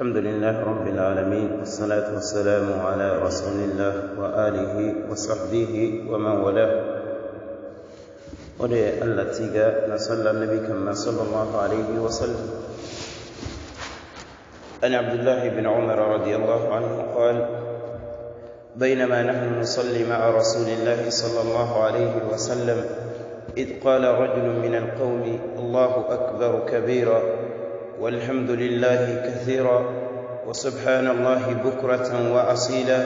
الحمد لله رب العالمين والصلاة والسلام على رسول الله وآله وصحبه ومن والاه ولي التي تيجا نصلى النبي كما صلى الله عليه وسلم عن عبد الله بن عمر رضي الله عنه قال بينما نحن نصلي مع رسول الله صلى الله عليه وسلم إذ قال رجل من القوم الله أكبر كبيرا والحمد لله كثيرا وسبحان الله بكرة وأصيلا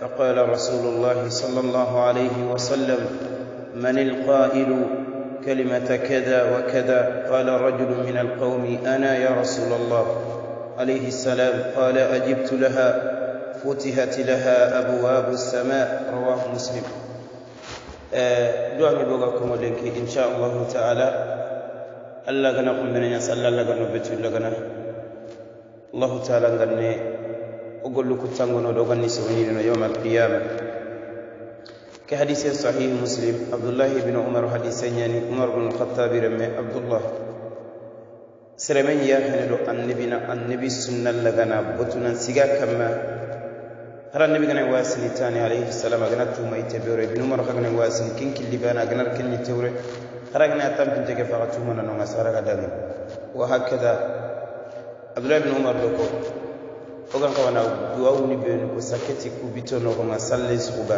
فقال رسول الله صلى الله عليه وسلم من القائل كلمة كذا وكذا قال رجل من القوم أنا يا رسول الله عليه السلام قال أجبت لها فتحت لها أبواب السماء رواه مسلم آه، دعني بغاكم لك إن شاء الله تعالى alla gana kumbene ñasa alla alla ganno betulla gana allahu taala ganne o gollu kuttangonoɗo o ganni sowonino yowma alqiyama ke hadise sahihi muslim abdoullahi ibine umar hadise ñani umar bnu lhatabi remme abdoullah seremen yahene ɗo annabina annabi sunnalla gana botunan siga kamma hara annabi gana wasini tani alayhi salam agana tuma itebewre ibine umar hagana wasini ken killi bana aganar kenñi tewre haragana tampin jege faxa cumana nonga saraga dani wa hakkeda abdoulah bin umar do ko o gan kawana duwawuni beni ko sakketi ku bito noxonga salle suxuga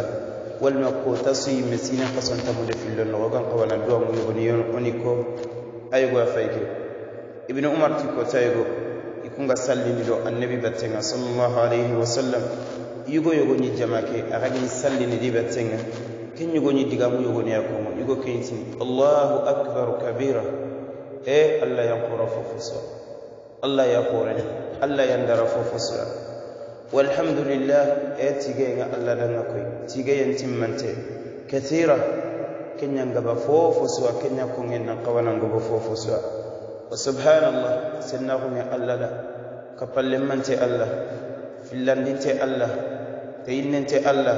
walma ko ta suyimme sina fasontamude fillo noxo o gan kawana duwamu yogoni oni ko a yogo a fayke ibine umar ti ko tayogo i kunga sallinido annabi battenga salllahu alayhi wa sallam yugo yogoni jama ke a xagin sallinidi battenga كن يغني ديغامو يغني يغو كينتي الله اكبر كبيرا ايه الله يقور ففوس الله يقور الله يندر ففوس والحمد لله ايه تيغينا الله دناكوي تيغين تيمانتي كثيره كن ينغبا ففوس وكن يكون ان قوانا غبا ففوس وسبحان الله سنغم الله لا كبل الله في لاندينتي الله تينتي الله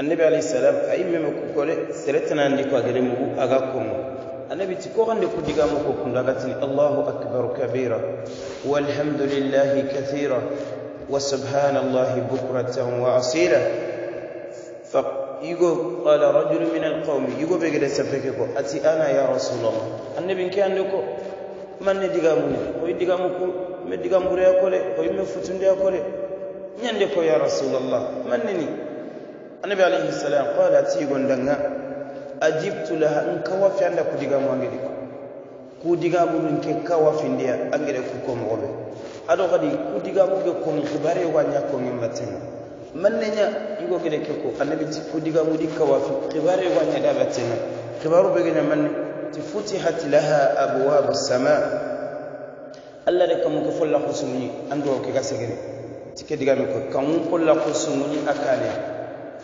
النبي عليه السلام أي مم كقول سرتنا seretanandi ko agere mugu aga kongo annabi ti koxande ku digamu ko kunda agatini وسبحان الله بكرة وعصيرة يقول قال رجل من القوم يقول بقدر سفككو أتي أنا يا رسول الله النبي كان لكو من دقامني وي دقامكو من دقام بريا كله هو من فتن يا رسول الله من نني annabi alayhi salam qala ti gondanga ajibtu laha in kawafi anda ku diga kudiga bunun ke kawafi ku ko kuko mogobe ado kadi kudiga ko kon bare wa nya kon imbatin mannenya igo gede ke ko annabi ti kudiga mudi kawafi khibare wa nya dabatin khibaru begenya man ti futihat laha abwab as sama Allah da kamu ko folla khusuni ando ke gasegere tike diga mu ko kamu fulla khusuni akale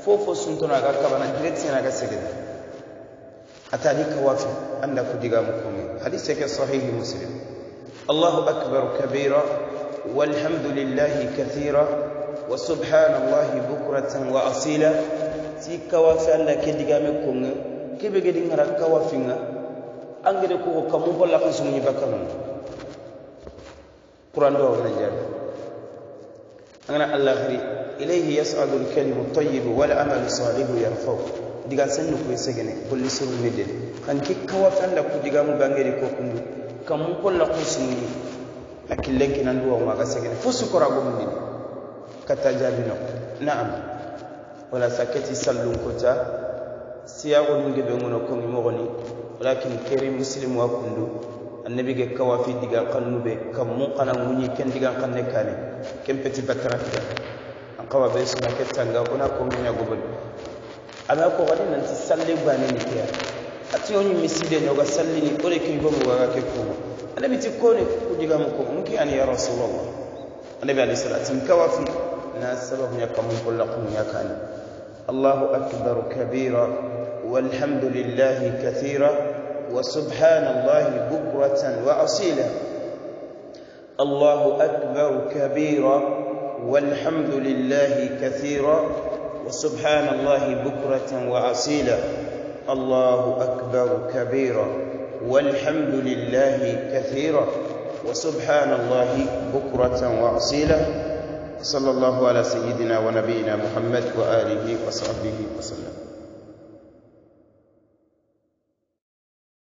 fo fo suntono aga kabana direct sen aga segedi atani kawafi anda ku digamu komi hadise ke sahihi muslim allahu akbar kabira walhamdulillahi kathira wa subhanallahi bukratan wa asila ti kawafi anda ke digame konga kebe gedi ngara kawafi nga angede ko kamu bolla kan sumunyi bakamu Quran do ngene jaga angana allahri ilayhi yas'alu al-kalimu at-tayyib wal amalu salihu yarfa'u diga sannu ko segene kulli sirru midde kan kikka wa fanda ku diga mu bangere ko kundu kan mun kolla ku sunni akillen kinan duwa ma ka segene fusu kora go mun dini kata jabino na'am wala sakati sallun kota siyago mun de be ngono ko mi mogoni walakin keri muslim wa kundu annabi ge kawafi diga kannu be kam mun kana munyi ken diga kanne kane kempeti batarafita an kawa be suna ke sanga kuna ko minya gobol ama ko wadi nan ti salle bani ni kiya ati onyi miside no ga salle ni ore ki gomu ga ke ko annabi ti kone ku diga mu ko mun kiyani ya rasulullah annabi alayhi salatu kawafi na sababu ya kamun kullakun ya kani الله أكبر كبيرا والحمد لله كثيرا وسبحان الله بكرة وأصيلا الله أكبر كبيرا والحمد لله كثيرا وسبحان الله بكرة وأصيلا الله أكبر كبيرا والحمد لله كثيرا وسبحان الله بكرة وأصيلا صلى الله على سيدنا ونبينا محمد وآله وصحبه وسلم